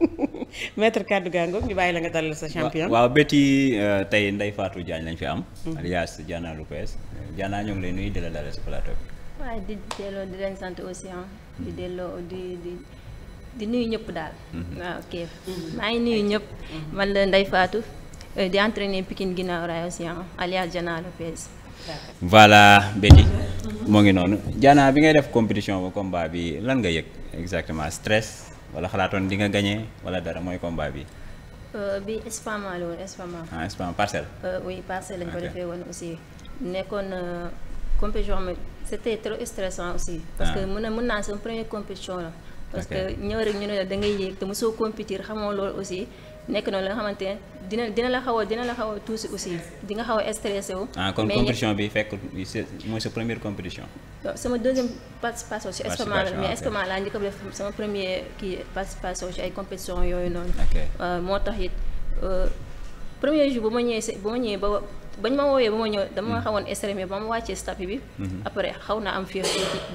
metre kaddu gaa ngoog ñu bàyyi la nga dalal sa champion. waaw bétti euh, tey ndey faatu Diagne lañ fi am. Mm-hmm. alias Diana Lopez Diana ñu ngi lay nuyu di la dalal si plateau di delloo di leen sant aussi ah. di di di nuyu ñëpp daal. Mm-hmm. waaw ok mm-hmm. maa ngi nuyu ñëpp. man la Ndeye faatu euh, di entraîner Pikine ginnaaw raay aussi ah alias Diana Lopez. voilà Betty moo ngi noonu Diana bi ngay def compétition ba combat bi lan nga yëg exactement stress. wala xalaatoon di nga gagné wala dara mooy combat bi. Euh, bi Espama la woon Espama. ah Espama parcelle. Euh, oui parcelle lañ ko defee woon aussi nekkoon euh, compétition mais c' était trop stressant aussi. parce ah. que mun na naa sama la. parce que ñëw rek ñu ne la da ngay yéeg te mosoo compétir xamoo loolu aussi. nekk noonu la xamante ne dina dina la xaw a dina la xaw a tuusi aussi di nga xaw a stressé ah, compétition bi fekk mooy sa première compétition. sama deuxième participation si Espoir mais ah, Espoir laa njëkk a def sama premier kii participation si ay compétition yooyu noonu. Euh, moo tax it. Euh, premier jour bu ma ñëwee bu ma ñëwee ba bañ ma woowee ba ma ñëw dama hmm. xawoon extrême ba ma wàccee stapi bi hmm. après xaw na am fiir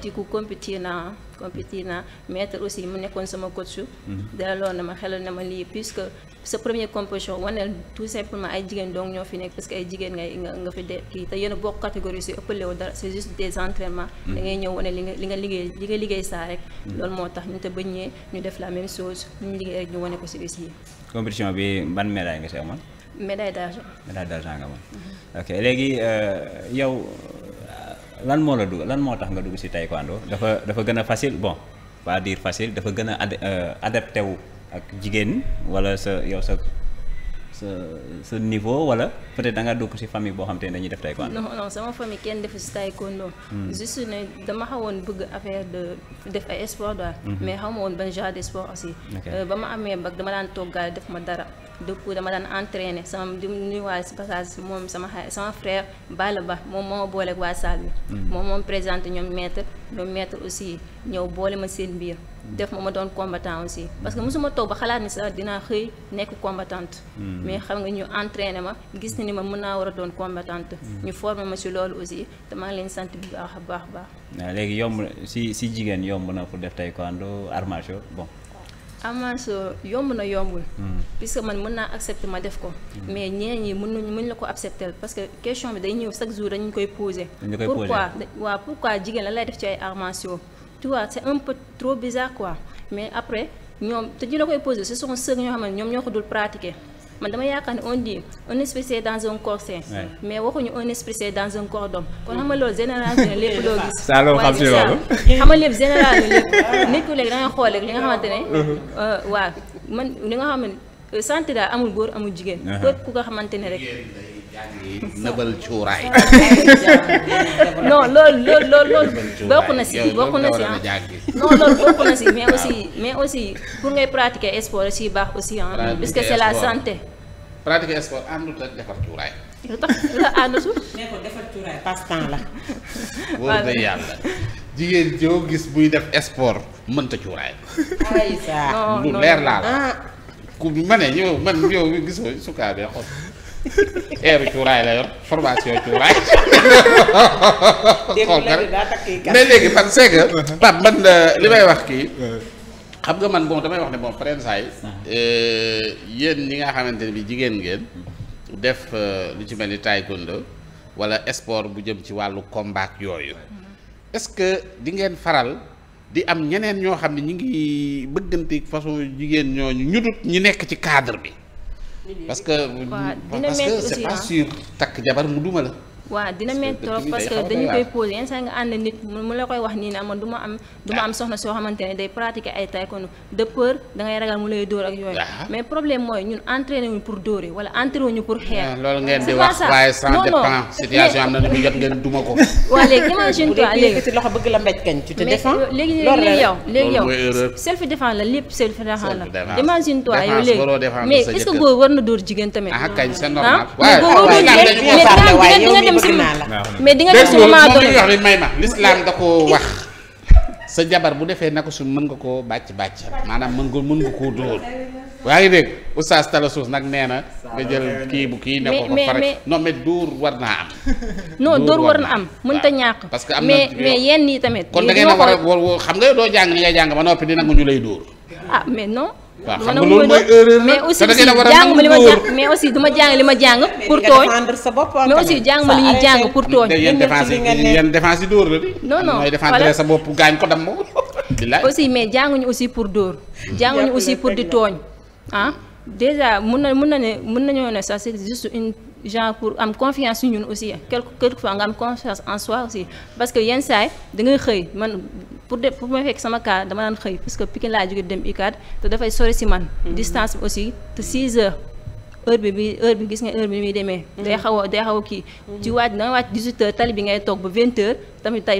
di ko compétir naa compétir naa maître aussi mu nekkoon sama coach hmm. dalaloon na ma xelal na ma lii que sa première compétition waneel tout simplement ay jigéen donc ñoo fi nekk parce que ay jigéen ngay nga nga fi de kii te yéen a bokk catégorie si ëppalewu dara c'est juste des entraînements ngay ñëw wane li nga li nga liggéey li nga liggéey saa rek loolu moo tax ñu te bañ ñëwee ñu def la même chose ñu liggéey ko si aussi compétition bi ban médaille nga si amoon médaille d'argent. médaille d'argent nga moom. ok léegi euh, yow lan moo la dugg lan moo tax nga dugg ci taekwondo dafa dafa gën a facile bon pas dire facile dafa gën a euh, adapté wu ak jigéen walla sa yow sa. sa sa niveau wala peut-être da nga dugg ci famille boo xam te ne dañuy def taekwondo. non non sama famille kenn defu ci taekwondo. Hmm. juste ne dama xawoon bëgg affaire de def ay sport daal. Hmm. mais xaw ma woon ban genre de sport aussi. Euh, ba ma amee bac dama daan toggaale def ma dara. dëpp dama daan entraîné sama di nuyuwaale si passage moom sama xa sama frère Balla Ba moom moo booleeg waa salle bi. Mm. moom moom présenté ñoom maître ñoom maître aussi ñëw boole ma seen biir. Mm. def ma ma doon combattant aussi parce que mosuma toog ba xalaat ni sax dinaa xëy nekk combatant mm. mais xam nga ñu entraîné ma gis na ni ma mën naa war a doon combattante. ñu formé ma si loolu aussi te maa leen sant bu baax a baax baax. léegi yomb si si jigéen yomb na pour def taekwondo arts martiaux bon. amanso yomb na yombul. Hmm. puisque man mën naa accepter ma def ko. Hmm. mais ñeneen ñi mën nañu mun la ko accepter parce que question bi day ñëw chaque jour dañu koy poser. pourquoi waaw pourquoi jigéen la lay def ci ay arts martiaux tu vois c'est un peu trop bizarre quoi mais après ñoom te ñu la koy poser ce sont ceux ñoo xam ne ñoom ñoo ko dul pratiquer. man dama yaakaar ne on dit un esprit c'est dans un corps sain. mais waxuñu un esprit c'est dans un corps d'homme kon xam nga loolu génération lépp loo gis. saa loo xam si loolu xam nga lépp génération lépp nit ku léegi da xool rek li nga xamante ne. Uh-huh. Euh, waaw man li nga xam ne santé daal amul góor amul jigéen. Uh-huh. képp ku nga xamante ne rek. nëbal cuuraay. non loolu loolu loolu loolu bokk na si bokk na si ah non loolu bokk na si mais aussi mais aussi pour ngay pratiquer sport si baax aussi ah. la santé. yàlla. jigéen joo gis buy def sport mënta cuuraay. ay saa laa la. Ah. ku ma ne yow man yow gisoo sukaa bee eeru cuuraay eh? la yor formation cuuraay. xool mais léegi man c'est que Pape eh. man eh, li may wax kii. xam nga man bon damay wax ne bon pren saay yéen ñi nga xamante ne bi jigéen ngeen. def lu ci mel ni taekwondo wala sport bu jëm ci wàllu combat yooyu. Mm-hmm. est-ce que di ngeen faral di am ñeneen ñoo xam ne ñu ngi bëgganteeg façon jigéen ñooñu ñu dut ñu nekk ci cadre bi. parce que parce que c'est pas sûr takk jabar mu duma la waaw dina métti trop parce que dañu koy posé yenn saa ànd nit mu la koy wax nii ne man du ma am du ah. soxna soo xamante day pratiquer ay taekwondo de peur da ragal mu lay dóor ak yooyu ah. mais problème mooy ñun entraîné wuñu pour dóore wala entraîné wuñu pour xeex ah, loolu ngeen di wax waaye ça dépend situation am na ñu jot ngeen duma ko waaw léegi imagine toi léegi ci loxo bëgg la mbéj euh, la lépp self défense la imagine toi léegi mais bëgg naa mais di nga def su ma doon wax may ma l'islam da ko wax sa jabar bu defee nako su mën nga koo bàcc bàcc maanaam mën nga mën nga koo dóor waa ngi dégg oustaz Talla Soos nag nee na nga jël kii bu kii ne ko ba pare non mais dóor war naa am non dóor war na am mënta ñàkk parce que am na yenn yi tamit kon da ngeen war a xam nga doo jàng ni ngay jàng ba noppi dina nga ñu lay dóor ah mais non waaw xam nga loolu mooy erreur mais aussi jàng ma li ma jàng mais aussi li ma jàng pour tooñ mais aussi jàng ma li ñuy jàng pour tooñ yéen défense yi yéen défense yi dóor la di non non mooy ko dam moo aussi mais jànguñu aussi pour dóor jànguñu aussi pour di tooñ ah déjà mun na mun na ne mun nañoo ne ça c'est juste une genre pour am confiance su ñun aussi quelque quelque fois nga am confiance en soi aussi parce que yenn saay da xëy man pour de pour ma fekk sama cas dama daan xëy parce que Pikine laa jóge dem UCAD te dafay sori si man mm-hmm. distance bi aussi te 6 heures heure bi bi bi gis nga heure bi muy demee mm-hmm. day xaw a day xaw a kii mm-hmm. ci waaj da nga waaj 18 heures tali bi ngay toog ba 20 heures tamit tey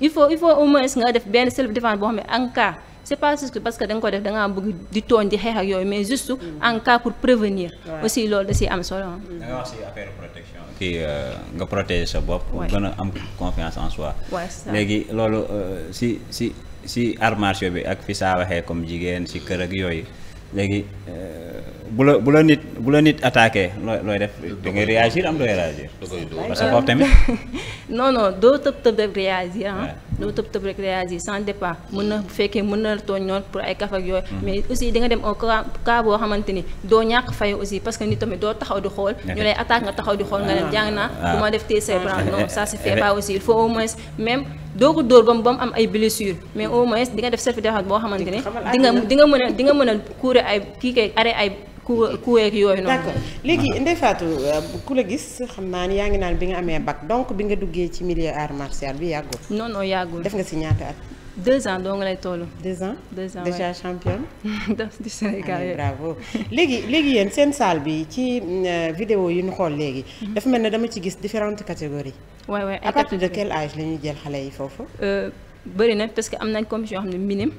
il faut il faut au moins nga def benn self défense boo xam ne c'est pas juste parce que da nga ko def da bëgg di tooñ di xeex ak yooyu mais juste en cas pour prévenir aussi loolu da si am solo da nga wax si affaire protection euh, protéger sa bopp pour gën a am confiance en soi léegi loolu euh, si si si arts bi ak fi saa waxee comme jigéen si kër ak yooyu léegi euh, bu la bu la nit bu la nit attaqué looy looy def da ngay réagir am dooy réagir parce que foofu doo tëb tëb réagir ah doo tëb tëb rek réagir sans départ mën na bu fekkee mën na la tooñ noonu pour ay kaf ak yooyu mm. mais aussi di nga dem au cas boo xamante ni doo ñàkk fay aussi parce que nit tamit doo taxaw di xool ñu lay attaque nga taxaw di xool nga dem ah. jàng naa bu ma def tée say ah. branche non ça se fait eh, eh, pas aussi il faut au moins même doo ko dóor ba mu ba mu am ay blessures mais au moins di nga def self défense boo xamante ne di nga di nga mën a di mën a kuure ay kii kay arrêt kuweeg yooyu noonu. d'accord léegi Ndeye Fatou euh, ku la gis xam naa ni yaa ngi naan bi nga amee bac donc bi nga duggee ci milieu art martial bi yàggul. non non yàggul def nga si ñaata at. deux ans doo nga lay toll. deux ans deux ans déjà championne. du Sénégal yooyu ah, bravo léegi léegi yéen seen salle bi ci euh, vidéo yu nu xool léegi. Mhm. dafa mel ne dama ci gis différente catégories. waay waay ay à partir de quel âge la ñuy jël xale yi foofu. Euh, bëri na parce que am nañ compétition yoo xam ne minime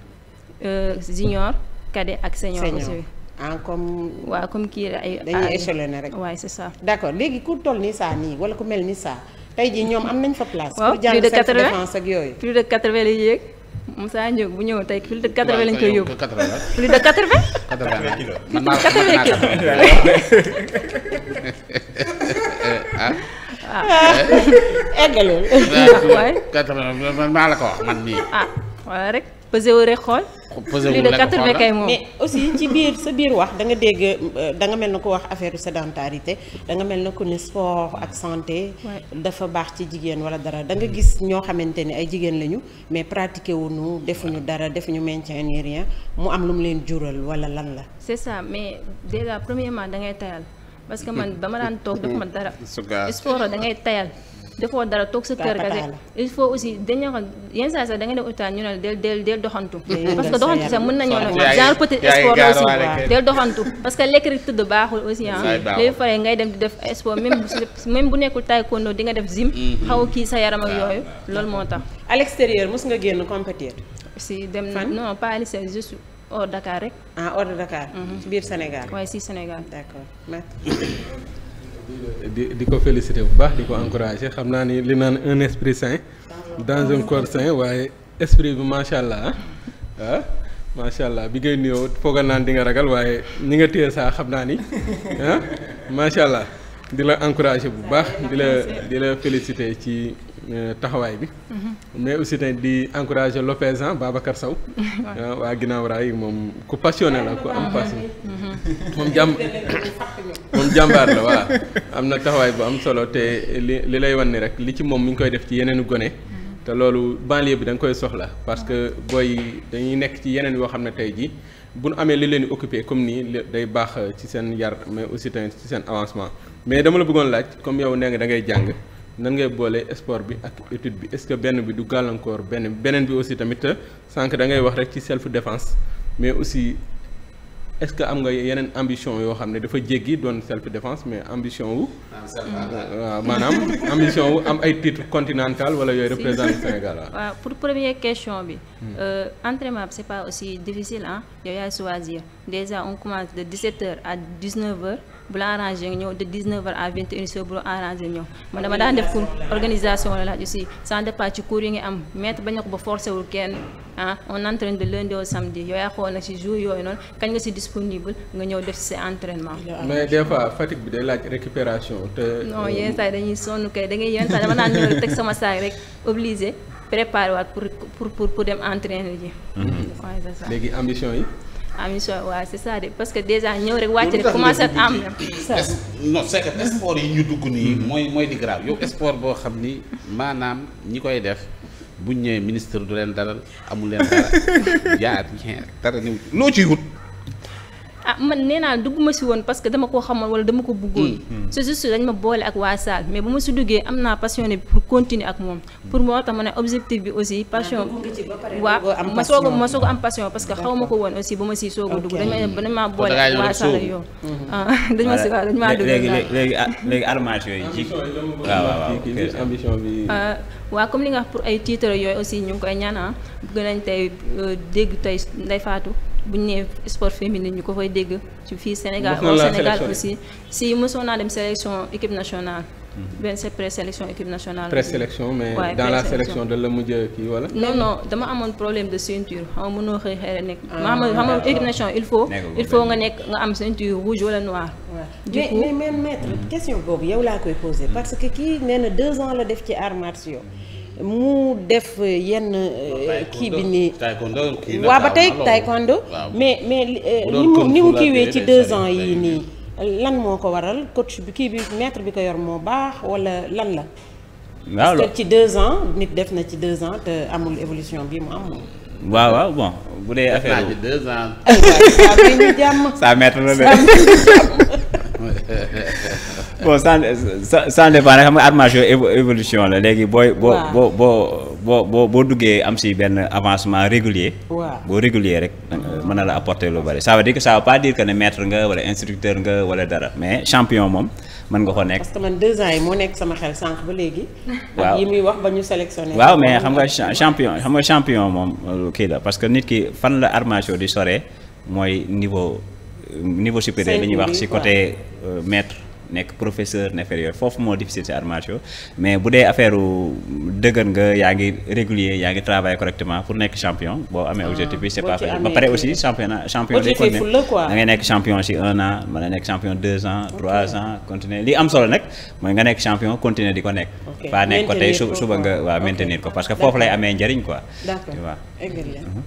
junior cadet ak senior. senior ah comme. waaw comme kii ay. dañuy échelonné rek waaye c'est ça. d'accord léegi ku toll ni saa nii wala ku mel ni saa tey jii ñoom am nañ fa place. pour jàng défense ak yooyu plus de 80 la ñuy yéeg Moussa Ndiog bu ñëw tey plus de 80 lañ koy yóbbu. plus de 80. 80 kilos plus de 80 kilos. ah, ah. eggalul. waaye 80 man maa la ko wax man mii. ah waaw rek. pesé wu rek xool. pesé wu rek xool kay moom. mais aussi ci biir sa biir wax da nga dégg danga mel na ko wax affaire sédentarité danga mel na ko ne sport ak santé. dafa baax ci jigéen wala dara da nga gis ñoo xamante ni ay jigéen lañu mais pratiqué wuñu defuñu dara defuñu maintien ni mu am lu mu leen jural wala lan la. c'est ça mais déjà premièrement da ngay tayal parce que man ba daan toog def ma dara. sport da ngay tayal. dafoo dara toog sa kër kase il faut aussi dañoo xam yenn saa sax da nga dem hôpital ñu ne la del del del doxantu parce que doxantu sax mën nañoo ne genre petit sport aussi del doxantu parce que lekk rek tëdd baaxul aussi ah léegi faree ngay dem di def sport même même bu nekkul taekwondo di nga def gym mm-hmm. xaw kii sa yaram ak yooyu loolu moo tax à l'extérieur mos nga génn compétir si dem na non pas à l'extérieur juste hors Dakar rek ah Dakar mm-hmm. biir Sénégal waaye si Sénégal d'accord di di ko féliciter bu baax di ko encourager xam naa ni li naan un esprit sain dans un corps sain waaye esprit bi macha allah ah, ah macha allah bi ngay nuyoo foogal naan di nga ragal waaye ñi nga téye saa xam naa ni ah allah di la encourager bu baax di la di la féliciter ci euh, taxawaay bi. Mhm. mais aussi tamit di encourager Lopez ah Babacar Sow. Ah, waa ginnaaw raay moom ku passionné la ku am passion. Mhm. moom jàmm. moom jàmbaar la am na taxawaay bu am solo te li li lay wan ni rek li ci moom mi ngi koy def ci yeneenu gone te loolu banlieue bi da koy soxla parce que booy dañuy nekk ci yeneen yoo xam ne tey jii bu nu amee li leen di occupé comme nii day baax ci seen yar mais aussi tamit ci seen avancement mais dama la bëggoon laaj comme yow nee nga da ngay jàng nan boole sport bi ak étude bi est-ce que benn bi du gàllankoor benn beneen bi aussi tamit sànq da ngay wax rek ci self défense mais aussi est-ce que am nga yeneen ambition yoo xam ne dafa jéggi doon self défense mais ambition wu. Ah, ah, waaw maanaam ambition wu am ay titre continental wala yooyu représenté Sénégal ah. waaw pour première question bi. Hmm. Euh, entraînement bi c'est pas aussi difficile ah yow yaay choisir déjà on commence de 17 heures à 19 heures. bu la arrangé nga ñëw de 19h à 21h bu la arrangé ñëw man dama daan def cours organisation la laaj aussi sans départ ci cours yi nga am maître bañ ko ba forcé wul kenn ah on entraîne de lundi au samedi yow yaa xool nag si jour yooyu noonu kañ nga si disponible nga ñëw def si entraînement. mais des fois fatigue bi day laaj récupération te. non yenn saa dañuy sonn kay da ngay yenn saa dama naan ñëw rek teg sama saak rek obligé préparer pour pour pour dem entraîner ji. waaye mm-hmm. c'est ça léegi ambition ambition ah, waaw c'est ça de parce que déjà ñëw rek wàcc rek commencé am non c'est que yi ñu dugg nii hmm. mooy mooy di grave yow sport boo xam ni maanaam ñi koy def buñ ñëwee ministre du leen dalal amul leen dara yaa dara niw loo ci wut ah man nee naa dugguma si woon parce que dama koo xamoon wala dama ko bëggoon. Mm, mm. c'est juste dañ ma boole ak waa Saal mais bu ma si duggee am naa passion bi pour continuer ak moom. pour moo tax ma ne objectif bi aussi. passion waaw ma soog am passion parce que xaw ma ko woon aussi ba a dugg. dañ ma dañ maa mm. boole ak waa Saal ak yow. dañ ma si ah, waaw dañ maa dugg léegi léegi bi. Euh, waaw comme li nga wax pour ay titres yooyu aussi ñu ngi koy ñaan bugg ah, nañ tey euh, dégg tey Ndeye faatu bu ñu nee sport féminin ñu ko koy dégg ci fii Sénégal au Sénégal aussi si mosoon naa dem sélection équipe nationale mhm. benn c'est présélection équipe nationale présélection mais dans la sélection de la mujj kii wala non non dama amoon problème de ceinture ah, xam nga mënoo xëy xëy nekk ma xam équipe nationale il faut il faut nga nekk nga am ceinture rouge wala noir du coup yow laa koy posé mhm. parce que kii nee na deux la def ci arts martiaux mhm. mu def euh, yenn euh, kii bi ni waaw ba tey taekwondo mais mais euh, ni mu kiiwee ci deux ans yii nii lan moo ko waral coach bi kii bi maître bi ko yor moo baax walla lan la parce ci deux ans nit def na ci deux ans te amul évolution bi mu am waaw waaw bon bu dee affaire bi deux ans saa maître la de bon sans sans dépendre xam nga arts martiaux évolution la léegi booy. boo boo boo boo boo duggee am si benn avancement régulier. waaw boo régulier rek euh, mën na la apporter lu bari ça veut dire que ça veut pas dire que ne maître nga wala instructeur nga wala dara mais champion moom mën nga ko nekk. parce que man deux ans yi moo nekk sama xel sànq ba léegi. waaw ak yi muy wax ba ñu sélectionné. waaw mais xam nga champion xam nga champion moom euh, kii la parce que nit ki fan la arts martiaux di soree mooy niveau euh, niveau supérieur li ñuy wax si côté maître. nekk professeur ne affaire foofu moo difficile ci arts mais bu dee affaire dëgër nga yaa ngi régulier yaa ngi travailler correctement pour nekk champion boo amee ah, objectif bi c'est pas facile ba pare aussi championnat champion day continuer nekk champion ci un an mën na nekk champion deux ans trois ans continuer li am solo nag mooy nga nekk champion continuer di ko nekk pas nekk ko tey suba nga waaw maintenir ko parce que foofu lay amee njariñ quoi d'accord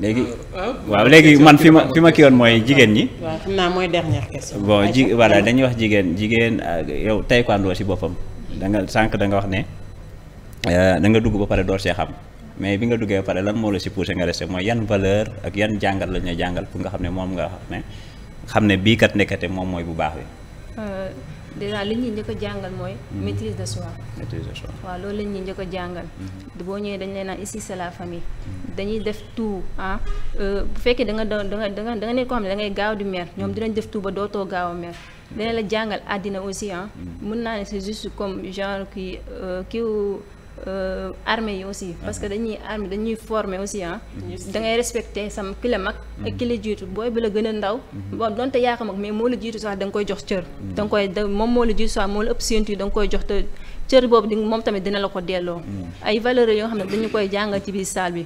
léegi ah, ah. waaw léegi man fi ma fi ma kii woon mooy jigéen ñi. waaw naa mooy dernière bon ji voilà dañuy wax jigéen jigéen euh, yow taekwondo si boppam. danga nga sànq da nga wax ne da euh, nga dugg ba pare door see xam mais bi nga duggee ba pare lan moo la si poussé nga resté mooy yan valeur ak yan jàngal la ñuy jàngal pour nga xam ne moom nga xam xam ne bii kat nekkate moom mooy bu baax bi. Euh, déjà li ñuy njëkk jàngal mooy. Mhm. maîtrise de soi. maîtrise de soi waaw loolu la ñuy njëkk jàngal jàngal. Mhm. boo ñëwee dañ leen naan ici c'est la famille. Mhm. dañuy def tout ah euh, bu fekkee danga nga da nga da nga xam ne da ngay gaaw di mer ñoom dinañ def tout ba dootoo gaaw a mer. dina la jàngal àddina aussi ah. mën naa ne c'est juste comme genre kii euh, kiiw. Euh, armée yi aussi ah. parce que dañuy armée dañuy former aussi ah da ngay respecter sam ki la mag ak ki jiitu booy bi la gën a ndaw mhm. bon donte yaa ko mag mais moo la jiitu sax da nga koy jox cër mhm. da nga koy moom moo la jiitu sax moo la ëpp séentu da nga koy jox te cër boobu di moom tamit dina la ko delloo mhm. ay valeurs yoo xam ne dañu koy jàngal ci biir salle bi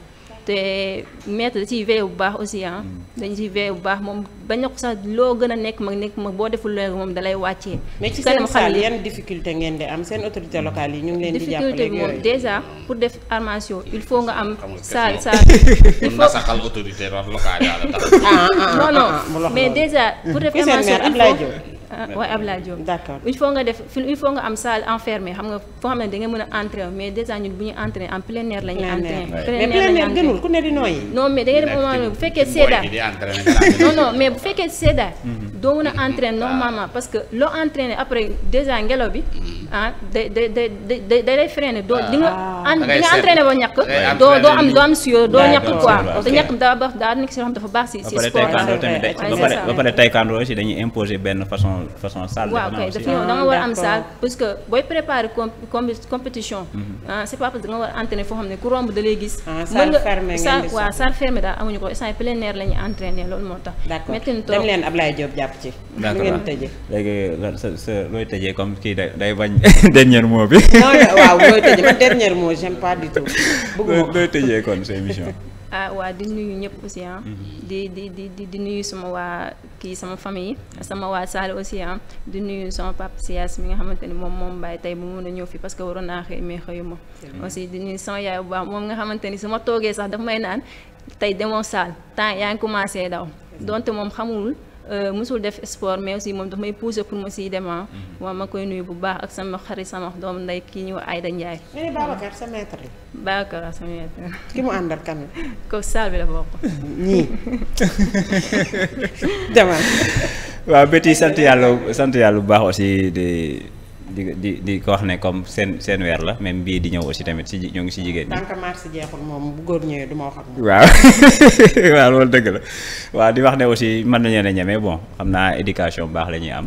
te metre da ciy veillé bu baax aussi ah. Mm. dañ ciy veillé bu baax moom ba a ko sax loo gën a nekk mag nekk mag boo deful loolu moom dalay wàccee. mais ci seen salle yan difficulté ngeen de am seen autorité local yi ñu ngi leen di. jàppale difficulté bi moom pour def armation il faut nga am. salle salle il faut saxal autorité locale non non ah, ah, ah, mais déjà pour def armation il faut waaye Ablaye Diop d'accord il faut nga def il faut nga am salle enfermée xam nga foo xam ne da mën a entrer mais déjà ñun bu ñu entrer en plein air la ñuy entrer mais plein air gënul ku ne di nooyi bu fekkee sedda non mais bu fekkee sedda mhm. doo mën a entraîner normalement parce que loo entraîner après déjà ngelaw bi mhm. ah day day day day day freiner doo di nga ah. di nga entraîner ba ñàkk doo am doo am suyoo doo ñàkk quoi parce que daa baax daa nekk si dafa baax si ba pare taekwondo aussi dañuy imposer benn façon façon façon salle. waaw kay dafa yow da war am salle parce que booy préparer comp compétition. c'est pas parce que da war a foo xam ne ku romb da gis. Ah, salle fermée ngeen di waaw daal amuñu ko instant plein air la loolu moo tax. d'accord dem leen Ablaye Diop jàpp ci. day day bañ dernier mot bi. waaw looy tëjee man dernier mot j'aime pas du tout. bëgguma looy tëjee kon sa ah waa di nuyu ñëpp aussi ah. Mhm. di di di di nuyu sama waa kii sama famille sama waa Sall aussi ah di nuyu sama papa Sias mi nga xamante ni moom moom bàyyi tey bu mun a ñëw fi parce que waroon naa xëy mais xëyuma. aussi di nuyu sama yaay bu baax moom nga xamante ni su ma toogee sax daf may naan tey demoo Sall temps yaa ngi commencé daw donte moom xamul. Euh, musul def sport mais aussi moom dafa may pousser pour mu siy dem ah. mhm. waaw ma koy nuyu bu baax ak sama xarit sama doom ndey kii ñu ay Ndiaye. ñu eh, ne Babacar sa maître la. sa maître. ki mu àndal kan la. ko saal bi la bokk. ñii demal. waaw béti sant yàlla sant yàlla bu baax aussi de. di di di wax ne comme seen seen weer la même bii di ñëw aussi tamit si ñoo ngi si jigéen ñi. tant que moom bu góor ñëwee du ma wax ak moom. waaw waaw loolu dëgg la waaw di wax ne aussi mën nañu leen a ñeme bon xam naa éducation bu baax la ñuy am.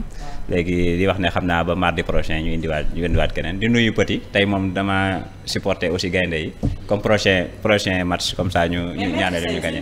léegi di wax ne xam naa ba mardi prochain ñu indiwaat ñu indiwaat keneen di nuyu petit tey moom dama supporter aussi gaynde yi comme prochain prochain match comme saa ñu ñu ñaanale ñu gagné.